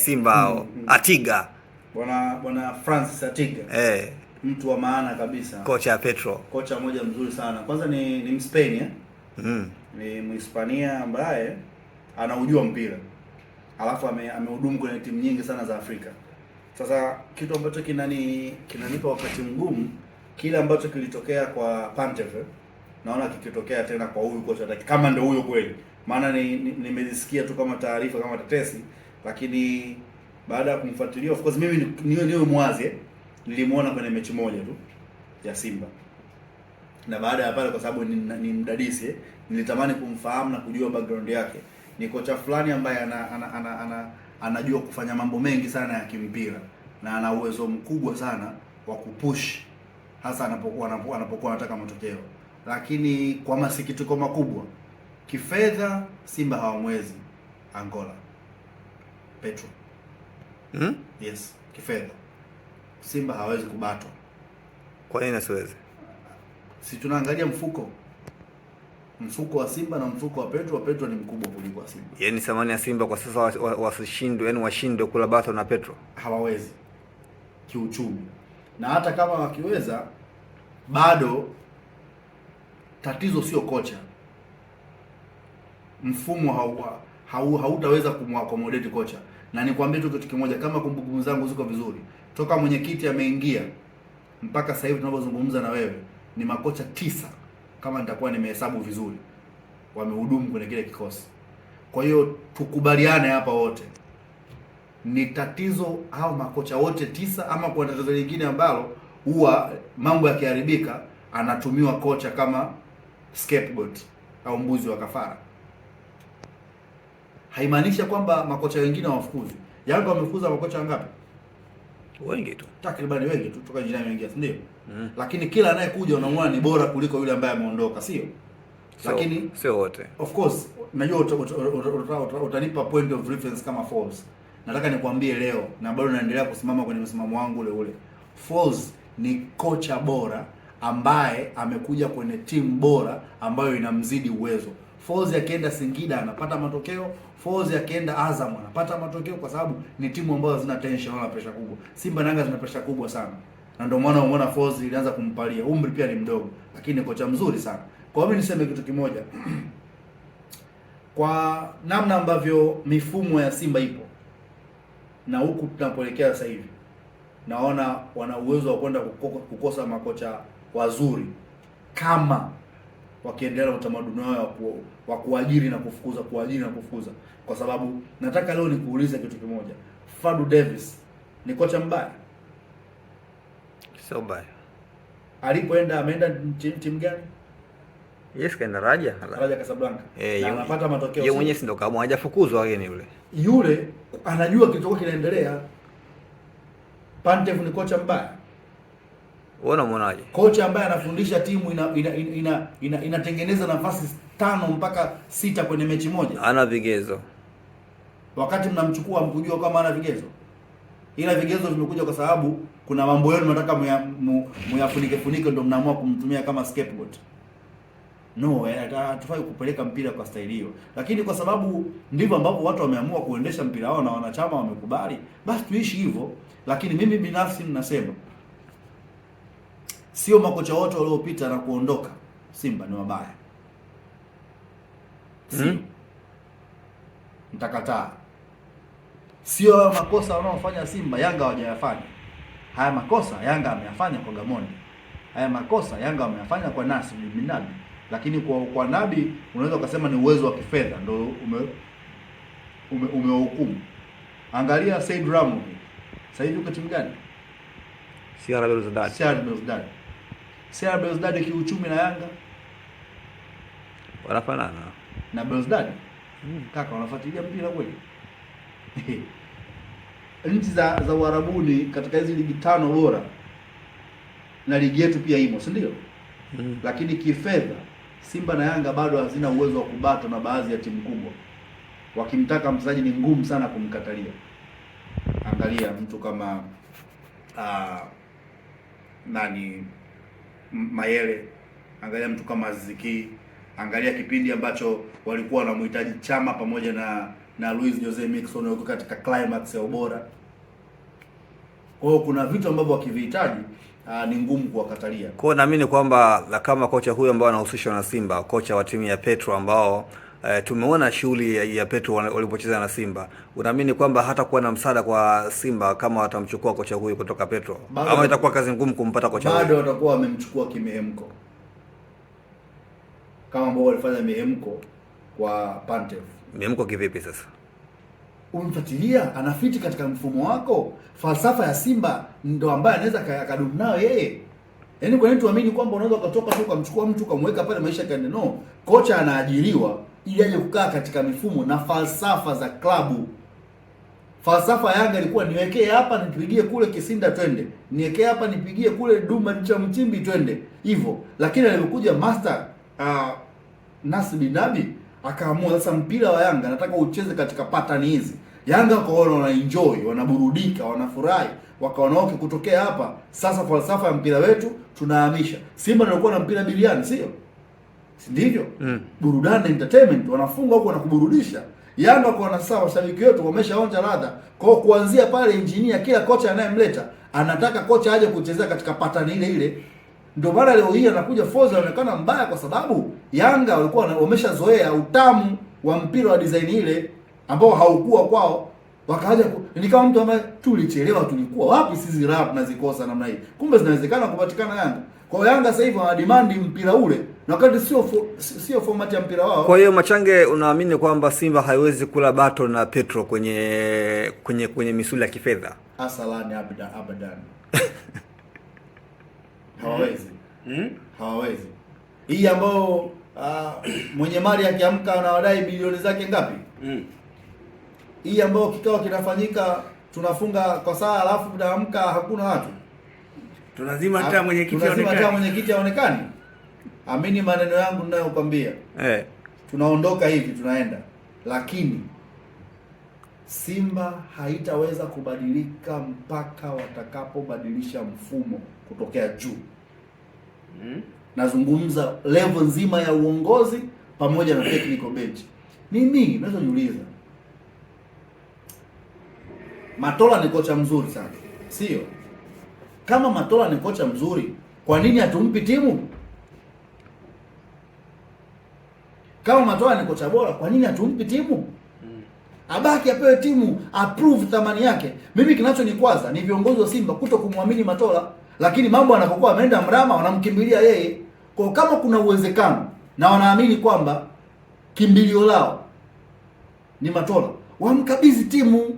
Simba hao mm, mm. Atiga bwana bwana Francis Atiga eh, mtu wa maana kabisa, kocha Petro, kocha mmoja mzuri sana. Kwanza ni ni Mspeni eh? mm. ni Mhispania ambaye anaujua mpira alafu amehudumu ame kwenye timu nyingi sana za Afrika. Sasa kitu ambacho kinani kinanipa wakati mgumu, kile ambacho kilitokea kwa Pantev eh? naona kikitokea tena kwa huyu kocha, kama ndio huyo kweli, maana nimezisikia ni, ni tu kama taarifa kama tetesi lakini baada ya kumfuatilia of course mimi niwe niwe mwazi nilimuona kwenye mechi moja tu ya Simba, na baada ya pale, kwa sababu ni, ni mdadisi, nilitamani kumfahamu na kujua background yake. Ni kocha fulani ambaye ana, ana, ana, ana, anajua kufanya mambo mengi sana ya kimpira na ana uwezo mkubwa sana wa kupush hasa anapokuwa anapokuwa anataka matokeo, lakini kwa masikitiko makubwa, kifedha Simba hawamwezi Angola. Petro. Hmm? Yes, kifedha. Simba hawezi kubatwa. Kwa nini asiweze? Si tunaangalia mfuko. Mfuko wa Simba na mfuko wa Petro, wa Petro ni mkubwa kuliko wa Simba. Yaani samani ya Simba kwa sasa wasishindwe, yaani washindwe kula bato na Petro. Hawawezi. Kiuchumi. Na hata kama wakiweza bado tatizo sio kocha. Mfumo hautaweza hau, hau kumwakomodeti kocha na nikwambie tu kitu kimoja, kama kumbukumbu zangu ziko vizuri, toka mwenyekiti ameingia mpaka sasa hivi tunapozungumza na wewe ni makocha tisa, kama nitakuwa nimehesabu vizuri, wamehudumu kwenye kile kikosi. Kwa hiyo tukubaliane hapa wote, ni tatizo au makocha wote tisa, ama kuna tatizo lingine ambalo huwa mambo yakiharibika anatumiwa kocha kama scapegoat au mbuzi wa kafara haimaanishi kwamba makocha wengine hawafukuzwi. Yanga wamefukuza makocha wangapi? Wengi tu, takribani wengi tu toka injinia ameingia, si ndio? Mm. Lakini kila anayekuja unamwona ni bora kuliko yule ambaye ameondoka, sio? So, lakini sio wote. Of course, najua utanipa point of reference kama Falls. Nataka nikwambie leo na bado naendelea kusimama kwenye msimamo wangu ule ule. Falls ni kocha bora ambaye amekuja kwenye timu bora ambayo inamzidi uwezo. Folz akienda Singida anapata matokeo, Folz akienda Azam anapata matokeo, kwa sababu ni timu ambazo zina tension wala pressure kubwa. Simba na Yanga zina pressure kubwa sana, na ndio maana umeona Folz ilianza kumpalia. Umri pia ni mdogo, lakini kocha mzuri sana. Kwa hiyo niseme kitu kimoja kwa namna ambavyo mifumo ya Simba ipo na huku tunapoelekea sasa hivi, naona wana uwezo wa kwenda kukosa makocha wazuri kama wakiendelea utamaduni wao wa kuajiri na kufukuza, kuajiri na kufukuza. Kwa sababu nataka leo nikuulize kitu kimoja, Fadu Davis ni kocha mbaya? Sio mbaya. Alipoenda ameenda timu gani? Yes, kaenda Raja. Raja Casablanca. Eh, na anapata matokeo. Yeye mwenyewe si ndo kama hajafukuzwa wageni yule. Yule anajua kitu kinaendelea. Pantev ni kocha mbaya? Wewe unamwonaje? Kocha ambaye anafundisha timu inatengeneza ina, ina, ina, ina nafasi tano mpaka sita kwenye mechi moja. Ana vigezo. Wakati mnamchukua mkujua kama ana vigezo. Ila vigezo vimekuja kwa sababu kuna mambo yenu nataka muyafunike funike ndio mnaamua kumtumia kama scapegoat. No, eh, hatufai kupeleka mpira kwa staili hiyo. Lakini kwa sababu ndivyo ambavyo watu wameamua kuendesha mpira wao na wanachama wamekubali, basi tuishi hivyo. Lakini mimi binafsi ninasema sio makocha wote waliopita na kuondoka Simba ni wabaya, sio mtakataa hmm? Sio hayo makosa wanaofanya Simba, Yanga wajayafanya haya makosa. Yanga ameyafanya kwa Gamondi, haya makosa Yanga wameyafanya kwa Nasi minabi lakini kwa kwa Nabi unaweza ukasema ni uwezo wa kifedha ndio ume umewahukumu ume. Angalia Said Ramu, sasa hivi uko timu gani? Arabia Leone. Sierra Belzdad kiuchumi na Yanga wanafanana na Belzdad Hmm. Kaka wanafuatilia mpira kweli? nchi za za Uarabuni katika hizi ligi tano bora na ligi yetu pia imo, si ndio? Mm. Lakini kifedha Simba na Yanga bado hazina uwezo wa kubata na baadhi ya timu kubwa. Wakimtaka mchezaji ni ngumu sana kumkatalia. Angalia mtu kama uh, nani Mayele, angalia mtu kama Ziki, angalia kipindi ambacho walikuwa wanamhitaji Chama pamoja na na Luis Jose Mixon yuko katika climax ya ubora. Kwa hiyo kuna vitu ambavyo wakivihitaji ah, ni ngumu kuwakatalia. Kwa hiyo naamini kwamba kama kocha huyo ambao anahusishwa na Simba, kocha wa timu ya Petro ambao E, tumeona shughuli ya ya Petro walipocheza na Simba. Unaamini kwamba hatakuwa na msaada kwa Simba kama watamchukua kocha huyu kutoka Petro, ama itakuwa kazi ngumu kumpata kocha huyu? Bado watakuwa wamemchukua kimehemko, kama ambao walifanya mihemko kwa Pantev. Mihemko kivipi sasa? Umemfuatilia, anafiti katika mfumo wako, falsafa ya Simba ndo ambaye anaweza akadumu nayo yeye. Yaani, kwa nini tuamini kwamba unaweza ukatoka tu ukamchukua mtu ukamweka pale maisha kaende? No, kocha anaajiriwa ili aje kukaa katika mifumo na falsafa za klabu. Falsafa ya Yanga ilikuwa niwekee hapa nipigie kule Kisinda twende, niwekee hapa nipigie kule Duma cha Mchimbi twende hivyo, lakini alipokuja master uh, ah, Nasri Bin Nabi akaamua sasa, mpira wa Yanga nataka ucheze katika pattern hizi. Yanga wakaona enjoy, wanaburudika, wanafurahi, wakaona okay, kutokea hapa sasa falsafa ya mpira wetu tunahamisha. Simba ndio na mpira biliani, sio? si ndivyo? Mm. Burudani entertainment, wanafunga huko wanakuburudisha. Yanga kwa sawa, washabiki wetu wameshaonja ladha. Kwa hiyo kuanzia pale, injinia, kila kocha anayemleta anataka kocha aje kuchezea katika patani ile ile. Ndio maana leo hii anakuja Forza anaonekana mbaya, kwa sababu Yanga walikuwa wameshazoea utamu wa mpira wa design ile ambao haukuwa kwao wakaja nikawa mtu ambaye tulichelewa, tulikuwa wapi sisi? Raha tunazikosa namna hii, kumbe zinawezekana kupatikana Yanga. Kwa Yanga sasa hivi wana demand mpira ule na wakati sio fo, sio format ya mpira wao. Kwa hiyo Machange, unaamini kwamba Simba haiwezi kula bato na Petro kwenye kwenye kwenye misuli ya kifedha? Asalani abda abadan hawawezi hmm? hawawezi hii ambao uh, mwenye mali akiamka anawadai bilioni zake ngapi? hmm hii ambayo kikao kinafanyika tunafunga kwa saa, alafu mnaamka hakuna watu, tunazima hata mwenyekiti aonekane, mwenyekiti aonekane. Amini maneno yangu ninayokwambia eh. Tunaondoka hivi tunaenda, lakini Simba haitaweza kubadilika mpaka watakapobadilisha mfumo kutokea juu hmm. Nazungumza level nzima ya uongozi pamoja na technical bench. Nini niuliza Matola ni kocha mzuri sana, sio? Kama Matola ni kocha mzuri, kwa nini hatumpi timu? Kama Matola ni kocha bora, kwa nini hatumpi timu? Abaki apewe timu, approve thamani yake. Mimi kinachonikwaza ni viongozi wa Simba kuto kumwamini Matola, lakini mambo anapokuwa ameenda mrama wanamkimbilia yeye. Kwa kama kuna uwezekano na wanaamini kwamba kimbilio lao ni Matola, wamkabidhi timu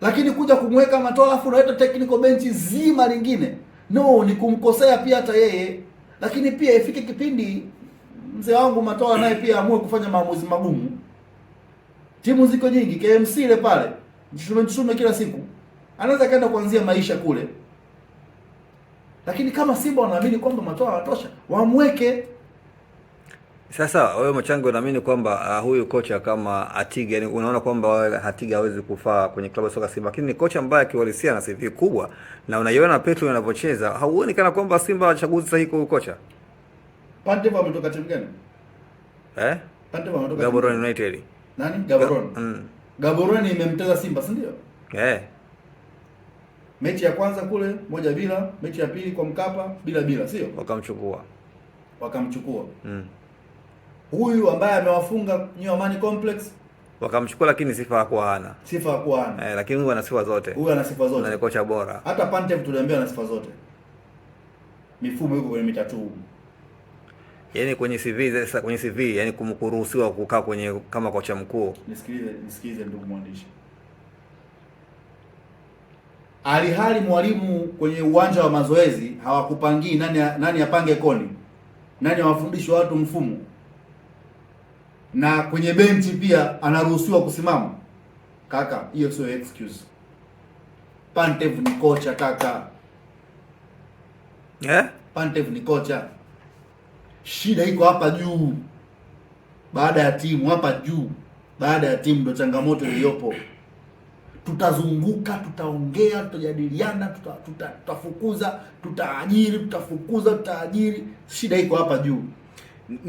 lakini kuja kumweka Matola afu unaleta technical bench zima lingine, no, ni kumkosea pia hata yeye. Lakini pia ifike kipindi mzee wangu Matola naye pia amue kufanya maamuzi magumu. Timu ziko nyingi, KMC ile pale jisume kila siku, anaweza kaenda kuanzia maisha kule, lakini kama Simba wanaamini kwamba Matola anatosha, wamweke. Sasa wewe Mchango, unaamini kwamba uh, huyu kocha kama Atiga, yani unaona kwamba wewe Atiga hawezi kufaa kwenye klabu ya soka Simba, lakini ni kocha ambaye akiwalisia na CV kubwa, na unaiona Petro anapocheza, hauoni kana kwamba Simba wachaguzi sahihi kwa kocha Pande wa mtoka timu gani eh? Pande wa mtoka Gaborone United. Nani Gaborone? Mm. Gaborone imemteza Simba, si ndio? Eh, mechi ya kwanza kule moja bila, mechi ya pili kwa Mkapa bila bila, sio wakamchukua, wakamchukua mm huyu ambaye amewafunga New Amani Complex wakamchukua, lakini sifa hakuwa ana sifa hakuwa ana eh, lakini huyu ana sifa zote, huyu ana sifa zote na ni kocha bora. Hata Pantev tuliambia ana sifa zote, mifumo yuko kwenye mitatu yaani kwenye CV sasa, kwenye CV yaani kumkuruhusiwa kukaa kwenye kama kocha mkuu. Nisikilize, nisikilize ndugu mwandishi. Alihali mwalimu kwenye uwanja wa mazoezi hawakupangii nani nani apange koni, nani awafundishe watu mfumo na kwenye benchi pia anaruhusiwa kusimama. Kaka, hiyo sio excuse. Pantev ni kocha kaka, yeah? Pantev ni kocha. Shida iko hapa juu, baada ya timu hapa juu, baada ya timu ndo changamoto iliyopo. Tutazunguka, tutaongea, tutajadiliana, tutafukuza, tuta, tutaajiri, tutafukuza, tutaajiri. Shida iko hapa juu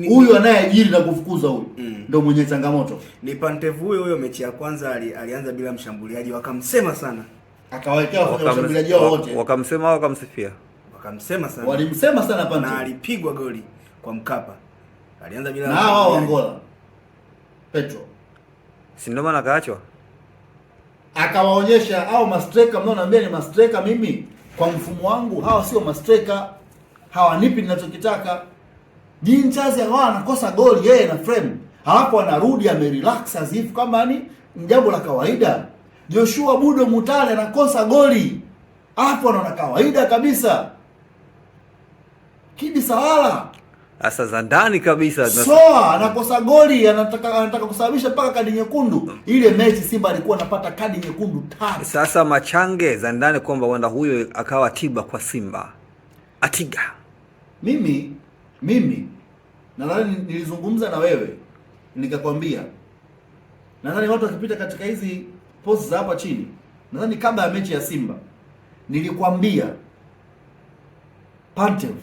huyu anayeajiri na kufukuza huyu mm. Ndio mwenye changamoto ni Pantev huyo huyo. Mechi ya kwanza ali, alianza bila mshambuliaji, wakamsema sana, akawawekea wafanya mshambuliaji wao wote, wakamsema wakamsifia, wakamsema sana, walimsema sana Pantev na alipigwa goli kwa Mkapa, alianza bila na hao Angola Petro, si ndio maana akaachwa, akawaonyesha au mastreka. naambia ni mastreka, mimi kwa mfumo wangu hawa sio mastreka, hawanipi ninachokitaka. Jean Charles anakosa goli yeye na frame, halafu anarudi amerelax as if kama ni jambo la kawaida. Joshua Budo Mutale anakosa goli, halafu anaona kawaida kabisa. Kidi Sawala Asa za ndani kabisa soa anakosa goli, anataka anataka kusababisha mpaka kadi nyekundu. Ile mechi Simba alikuwa anapata kadi nyekundu tano. Sasa machange za ndani kwamba wanda huyo akawa tiba kwa Simba atiga mimi mimi nadhani nilizungumza na wewe nikakwambia, nadhani watu wakipita katika hizi post za hapa chini, nadhani kabla ya mechi ya Simba nilikwambia Pantev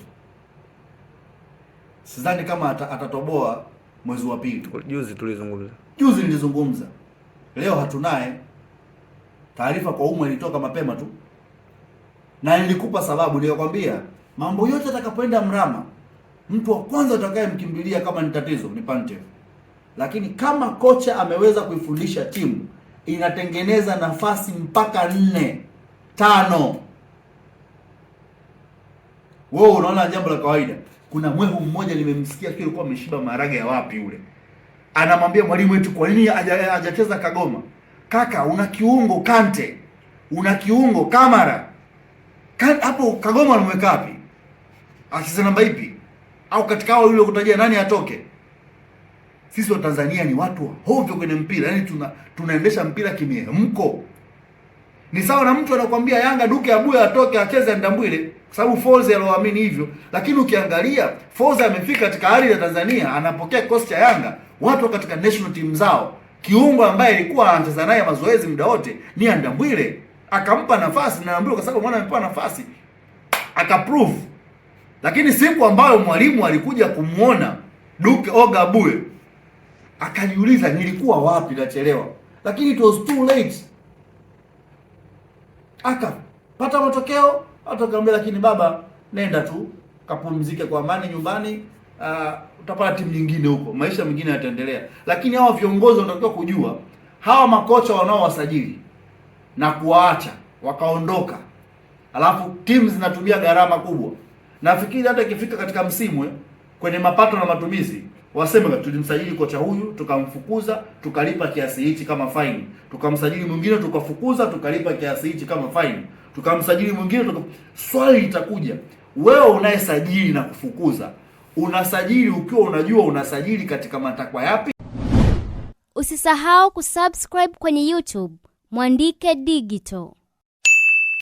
sidhani kama ata, atatoboa mwezi wa pili. Juzi tulizungumza, juzi nilizungumza, leo hatunaye. Taarifa kwa umma ilitoka mapema tu, na nilikupa sababu, nilikwambia mambo yote atakapoenda Mrama mtu wa kwanza atakayemkimbilia kama ni tatizo ni Pantev. Lakini kama kocha ameweza kuifundisha timu inatengeneza nafasi mpaka nne tano, wewe unaona jambo la kawaida. Kuna mwehu mmoja nimemsikia kile kwa ameshiba maharage ya wapi yule, anamwambia mwalimu wetu, kwa nini hajacheza Kagoma? Kaka, una kiungo Kante, una kiungo Kamara hapo Kagoma, anamweka wapi? Acheze namba ipi? au katika hao yule kutajia nani atoke? Sisi wa Tanzania ni watu hovyo kwenye mpira, yaani tuna, tunaendesha mpira kimihemko. Ni sawa na mtu anakuambia Yanga Duke Abuya atoke acheze Ndambwile kwa sababu Forza aloamini hivyo, lakini ukiangalia Forza amefika katika ardhi ya Tanzania, anapokea kikosi cha Yanga, watu katika national team zao, kiungo ambaye alikuwa anacheza naye mazoezi muda wote ni Ndambwile, akampa nafasi na Ndambwile kwa sababu mwana amepewa nafasi akaprove lakini siku ambayo mwalimu alikuja kumwona Duke Ogabue akajiuliza, nilikuwa wapi? Nachelewa, lakini it was too late. Akapata matokeo hata kaambia, lakini baba, nenda tu kapumzike kwa amani nyumbani. Uh, utapata timu nyingine huko, maisha mengine yataendelea. Lakini hawa viongozi wanatakiwa kujua hawa makocha wanaowasajili na kuwaacha wakaondoka, alafu timu zinatumia gharama kubwa Nafikiri hata ikifika katika msimu eh, kwenye mapato na matumizi waseme tulimsajili kocha huyu tukamfukuza, tukalipa kiasi hichi kama fine, tukamsajili mwingine tukafukuza, tukalipa kiasi hichi kama fine, tukamsajili mwingine tuka... swali litakuja, wewe unayesajili na kufukuza, unasajili ukiwa unajua unasajili katika matakwa yapi? Usisahau kusubscribe kwenye YouTube Mwandike Digital.